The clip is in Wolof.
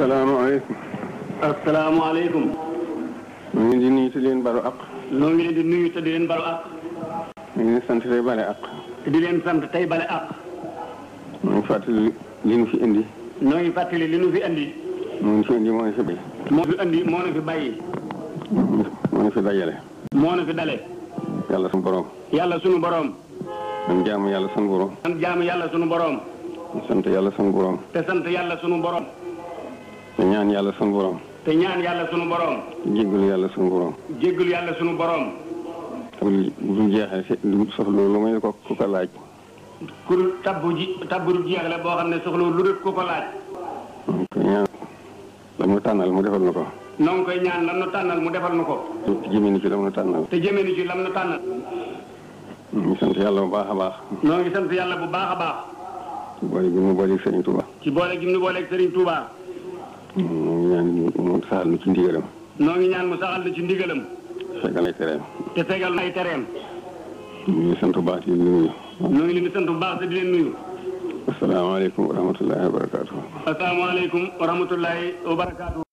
asalaamaaleykum. asalaamaaleykum. ñu ngi di nuyu te di leen balu àq. ñoo ngi leen di nuyu te di leen balu àq. ñu ngi leen sant tey bale àq. te di leen sant tey bale àq. ñoo ngi fàttali li ñu fi indi. ñoo ngi fàttali li ñu fi indi. moo ñu fi indi moo ñu fi bay. moo fi indi moo ñu fi bàyyi. moo ñu fi dajale. moo ñu fi dale. yàlla sunu borom. yàlla sunu borom. man jaamu yàlla sunu borom. man jaamu yàlla sunu borom. sant yàlla sunu borom. te sant yàlla sunu borom. te ñaan yàlla sunu borom. te ñaan yàlla sunu borom. jégalu yàlla sunu borom. jégalu yàlla sunu borom. tabul bu jeexee lu soxla lu may ko ku ko laaj. ku tabbu ji tabbu du jeex la boo xam ne soxla lu dul ku ko laaj. donc mu tànnal mu defal na ko. noo ngi koy ñaan lam nu tànnal mu defal nu ko. te jëmee ni ci lam nu tànnal. te jëmee ni ci lam nu tànnal. ñoo ngi sant yàlla bu baax a baax. ñoo ngi sant yàlla bu baax a baax. boole gi mu booleeg Serigne Touba. ci boole gi mu booleeg Serigne Touba. ñu ñaan mu saxal nu ci ndigalam. noo ngi ñaan mu saxal nu ci ndigalam. fegal ay tereem. te fegal ay tereem. ñu ngi sant bu baax di leen nuyu. ñoo ngi leen di sant bu baax di leen nuyu. asalaamaaleykum wa rahmatulahi wa barakaatu. asalaamaaleykum wa barakaatu.